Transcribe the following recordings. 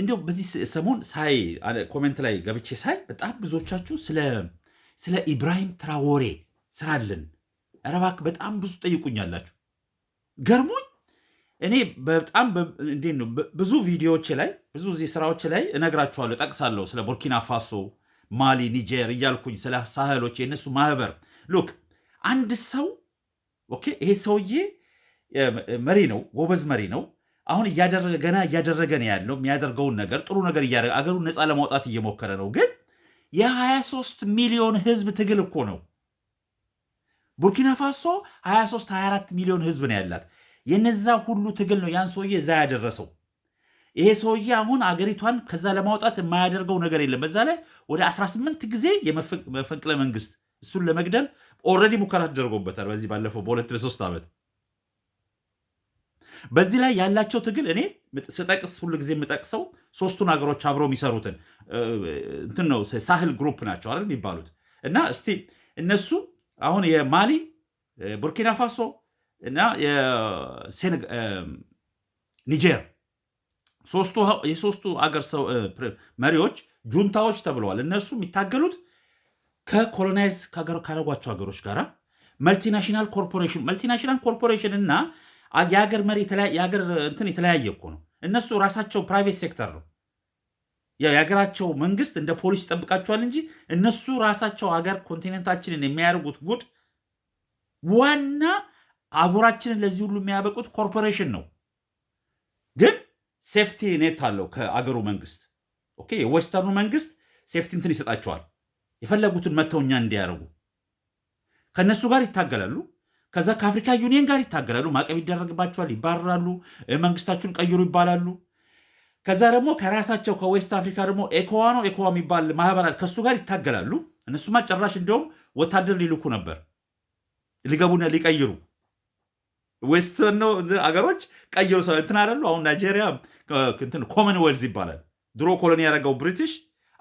እንዲሁ በዚህ ሰሞን ሳይ ኮሜንት ላይ ገብቼ ሳይ በጣም ብዙዎቻችሁ ስለ ኢብራሂም ትራወሬ ስራልን ረባክ በጣም ብዙ ጠይቁኛላችሁ። ገርሞኝ እኔ በጣም እንዴት ነው ብዙ ቪዲዮዎች ላይ ብዙ እዚህ ስራዎች ላይ እነግራችኋለሁ፣ ጠቅሳለሁ። ስለ ቡርኪና ፋሶ፣ ማሊ፣ ኒጀር እያልኩኝ ስለ ሳህሎች የእነሱ ማህበር ሉክ አንድ ሰው ኦኬ፣ ይሄ ሰውዬ መሪ ነው፣ ጎበዝ መሪ ነው አሁን እያደረገ ገና እያደረገ ነው ያለው የሚያደርገውን ነገር ጥሩ ነገር እያደረገ አገሩን ነፃ ለማውጣት እየሞከረ ነው። ግን የ23 ሚሊዮን ህዝብ ትግል እኮ ነው። ቡርኪና ፋሶ 23 24 ሚሊዮን ህዝብ ነው ያላት። የነዛ ሁሉ ትግል ነው ያን ሰውዬ እዛ ያደረሰው። ይሄ ሰውዬ አሁን አገሪቷን ከዛ ለማውጣት የማያደርገው ነገር የለም። በዛ ላይ ወደ 18 ጊዜ የመፈንቅለ መንግስት እሱን ለመግደል ኦልሬዲ ሙከራ ተደርጎበታል። በዚህ ባለፈው በሁለት በሶስት ዓመት በዚህ ላይ ያላቸው ትግል እኔ ስጠቅስ ሁሉ ጊዜ የምጠቅሰው ሶስቱን ሀገሮች አብረው የሚሰሩትን እንትን ነው ሳህል ግሩፕ ናቸው አይደል የሚባሉት እና እስቲ እነሱ አሁን የማሊ ቡርኪና ፋሶ እና ኒጀር የሶስቱ አገር ሰው መሪዎች ጁንታዎች ተብለዋል። እነሱ የሚታገሉት ከኮሎናይዝ ካደረጓቸው ሀገሮች ጋር መልቲናሽናል ኮርፖሬሽን መልቲናሽናል ኮርፖሬሽን እና የሀገር መሪ የሀገር እንትን የተለያየ እኮ ነው። እነሱ ራሳቸው ፕራይቬት ሴክተር ነው የሀገራቸው መንግስት እንደ ፖሊስ ይጠብቃቸዋል እንጂ እነሱ ራሳቸው ሀገር ኮንቲኔንታችንን የሚያደርጉት ጉድ ዋና አጉራችንን ለዚህ ሁሉ የሚያበቁት ኮርፖሬሽን ነው። ግን ሴፍቲ ኔት አለው ከአገሩ መንግስት። ኦኬ የዌስተርኑ መንግስት ሴፍቲ እንትን ይሰጣቸዋል የፈለጉትን መተው እኛን እንዲያደርጉ ከእነሱ ጋር ይታገላሉ። ከዛ ከአፍሪካ ዩኒየን ጋር ይታገላሉ። ማዕቀብ ይደረግባቸዋል፣ ይባረራሉ፣ መንግስታችሁን ቀይሩ ይባላሉ። ከዛ ደግሞ ከራሳቸው ከዌስት አፍሪካ ደግሞ ኤኮዋ ነው ኤኮዋ የሚባል ማህበር አለ። ከእሱ ጋር ይታገላሉ። እነሱማ ጨራሽ እንደውም ወታደር ሊልኩ ነበር ሊገቡና ሊቀይሩ ነው አገሮች ቀይሩ ሰው እንትን አላሉ። አሁን ናይጄሪያ ኮመንዌልዝ ይባላል። ድሮ ኮሎኒ ያደረገው ብሪቲሽ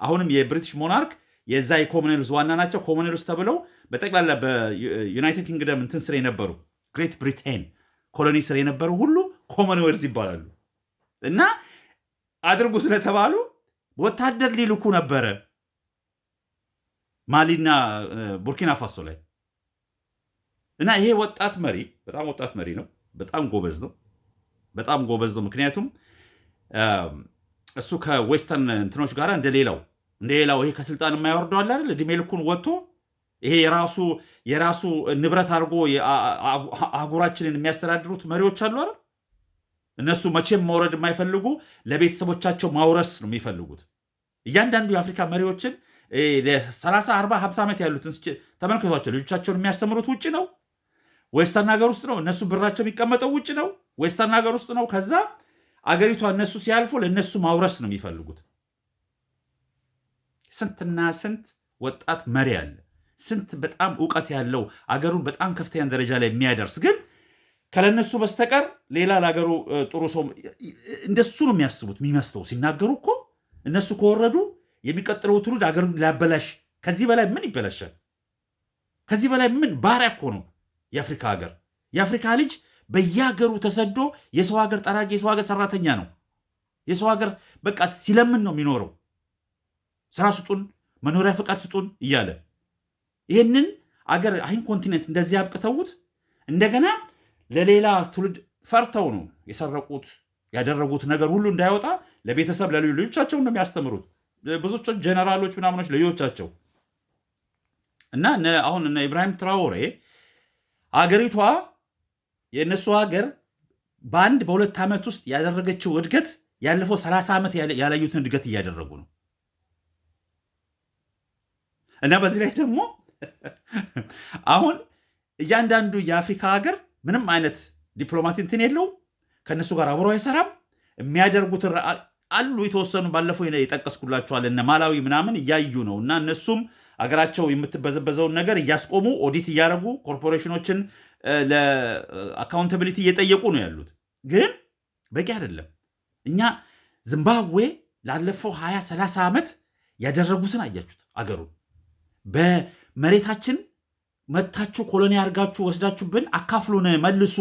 አሁንም የብሪቲሽ ሞናርክ የዛ የኮመንዌልዝ ዋና ናቸው። ኮመንዌልዝ ተብለው በጠቅላላ በዩናይትድ ኪንግደም እንትን ስር የነበሩ ግሬት ብሪቴን ኮሎኒ ስር የነበሩ ሁሉ ኮመንዌልዝ ይባላሉ እና አድርጉ ስለተባሉ ወታደር ሊልኩ ነበረ ማሊና ቡርኪና ፋሶ ላይ እና ይሄ ወጣት መሪ በጣም ወጣት መሪ ነው። በጣም ጎበዝ ነው። በጣም ጎበዝ ነው። ምክንያቱም እሱ ከዌስተርን እንትኖች ጋር እንደሌላው እንደሌላው ይሄ ከስልጣን የማያወርደዋል አይደል? እድሜ ልኩን ወጥቶ ይሄ የራሱ የራሱ ንብረት አድርጎ አህጉራችንን የሚያስተዳድሩት መሪዎች አሉ አይደል? እነሱ መቼም መውረድ የማይፈልጉ ለቤተሰቦቻቸው ማውረስ ነው የሚፈልጉት። እያንዳንዱ የአፍሪካ መሪዎችን ለ30 40 50 ዓመት ያሉትን ተመልክቷቸው ልጆቻቸውን የሚያስተምሩት ውጭ ነው ዌስተርን ሀገር ውስጥ ነው። እነሱ ብራቸው የሚቀመጠው ውጭ ነው ዌስተርን ሀገር ውስጥ ነው። ከዛ አገሪቷ እነሱ ሲያልፉ ለእነሱ ማውረስ ነው የሚፈልጉት። ስንትና ስንት ወጣት መሪ አለ ስንት በጣም እውቀት ያለው አገሩን በጣም ከፍተኛ ደረጃ ላይ የሚያደርስ ግን ከለነሱ በስተቀር ሌላ ለሀገሩ ጥሩ ሰው እንደሱ ነው የሚያስቡት የሚመስለው። ሲናገሩ እኮ እነሱ ከወረዱ የሚቀጥለው ትውልድ አገሩን ሊያበላሽ ከዚህ በላይ ምን ይበላሻል? ከዚህ በላይ ምን ባሪያ እኮ ነው የአፍሪካ ሀገር። የአፍሪካ ልጅ በየሀገሩ ተሰዶ የሰው ሀገር ጠራጊ፣ የሰው ሀገር ሰራተኛ ነው። የሰው ሀገር በቃ ሲለምን ነው የሚኖረው። ስራ ስጡን፣ መኖሪያ ፈቃድ ስጡን እያለ ይህንን አገር ይህን ኮንቲኔንት እንደዚህ አብቅተውት እንደገና ለሌላ ትውልድ ፈርተው ነው የሰረቁት ያደረጉት ነገር ሁሉ እንዳይወጣ ለቤተሰብ ለልጆቻቸው ነው የሚያስተምሩት። ብዙዎቹ ጀነራሎች ምናምኖች ልጆቻቸው እና አሁን እነ ኢብራሂም ትራውሬ አገሪቷ የእነሱ ሀገር በአንድ በሁለት ዓመት ውስጥ ያደረገችው እድገት ያለፈው ሰላሳ ዓመት ያላዩትን እድገት እያደረጉ ነው እና በዚህ ላይ ደግሞ አሁን እያንዳንዱ የአፍሪካ ሀገር ምንም አይነት ዲፕሎማሲ እንትን የለው ከእነሱ ጋር አብሮ አይሰራም። የሚያደርጉት አሉ የተወሰኑ ባለፈው የጠቀስኩላቸዋል እነ ማላዊ ምናምን እያዩ ነው እና እነሱም አገራቸው የምትበዘበዘውን ነገር እያስቆሙ ኦዲት እያደረጉ ኮርፖሬሽኖችን ለአካውንታብሊቲ እየጠየቁ ነው ያሉት። ግን በቂ አይደለም። እኛ ዚምባብዌ ላለፈው 20 30 ዓመት ያደረጉትን አያችሁት አገሩ መሬታችን መታችሁ ኮሎኒ አድርጋችሁ ወስዳችሁብን አካፍሉን፣ መልሱ።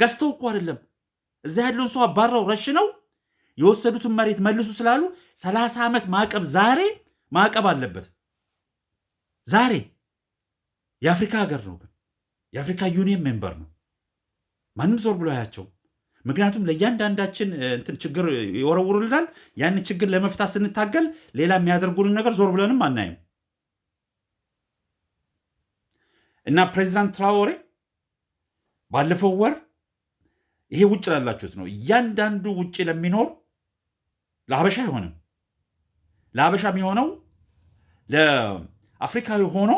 ገዝተው እኮ አይደለም እዛ ያለውን ሰው ረሽ ነው የወሰዱትን መሬት መልሱ ስላሉ 30 ዓመት ማዕቀብ፣ ዛሬ ማዕቀብ አለበት። ዛሬ የአፍሪካ ሀገር ነው፣ ግን የአፍሪካ ዩኒየን ሜምበር ነው። ማንም ዞር ብሎ አያቸው? ምክንያቱም ለእያንዳንዳችን እንትን ችግር ይወረውሩልናል። ያን ችግር ለመፍታት ስንታገል ሌላ የሚያደርጉንን ነገር ዞር ብለንም አናይም። እና ፕሬዚዳንት ትራወሬ ባለፈው ወር ይሄ ውጭ ላላችሁት ነው። እያንዳንዱ ውጭ ለሚኖር ለሀበሻ አይሆንም። ለሀበሻ የሚሆነው ለአፍሪካዊ ሆኖ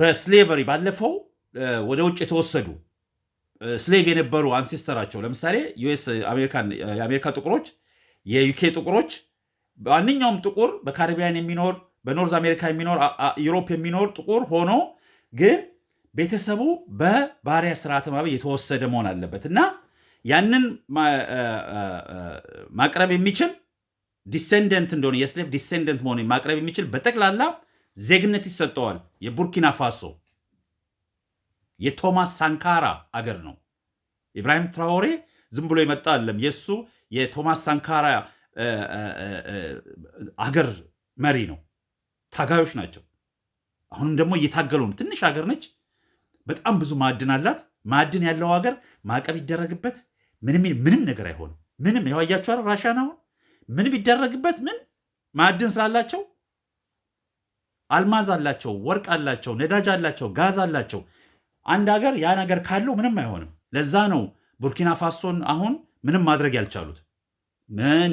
በስሌቨሪ ባለፈው ወደ ውጭ የተወሰዱ ስሌቭ የነበሩ አንሴስተራቸው ለምሳሌ ዩኤስ የአሜሪካ ጥቁሮች፣ የዩኬ ጥቁሮች፣ ማንኛውም ጥቁር በካሪቢያን የሚኖር በኖርዝ አሜሪካ የሚኖር ዩሮፕ የሚኖር ጥቁር ሆኖ ግን ቤተሰቡ በባሪያ ስርዓተ ማበ የተወሰደ መሆን አለበት እና ያንን ማቅረብ የሚችል ዲሴንደንት እንደሆነ የስሌፍ ዲሴንደንት መሆኑ ማቅረብ የሚችል በጠቅላላ ዜግነት ይሰጠዋል። የቡርኪና ፋሶ የቶማስ ሳንካራ አገር ነው። ኢብራሂም ትራዎሬ ዝም ብሎ የመጣ አለም የእሱ የቶማስ ሳንካራ አገር መሪ ነው። ታጋዮች ናቸው። አሁንም ደግሞ እየታገሉ ነው። ትንሽ ሀገር ነች። በጣም ብዙ ማዕድን አላት። ማዕድን ያለው ሀገር ማዕቀብ ይደረግበት ምንም ነገር አይሆንም። ምንም ያዋያቸዋል። ራሽያን አሁን ምን ይደረግበት ምን ማዕድን ስላላቸው አልማዝ አላቸው፣ ወርቅ አላቸው፣ ነዳጅ አላቸው፣ ጋዝ አላቸው። አንድ ሀገር ያ ነገር ካለው ምንም አይሆንም። ለዛ ነው ቡርኪና ፋሶን አሁን ምንም ማድረግ ያልቻሉት።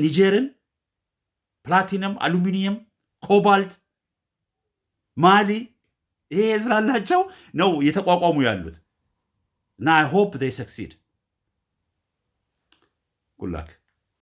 ኒጀርን ፕላቲነም፣ አሉሚኒየም፣ ኮባልት ማሊ ይሄ ስላላቸው ነው የተቋቋሙ ያሉት እና አይ ሆፕ ዘይ ሰክሲድ ጉላክ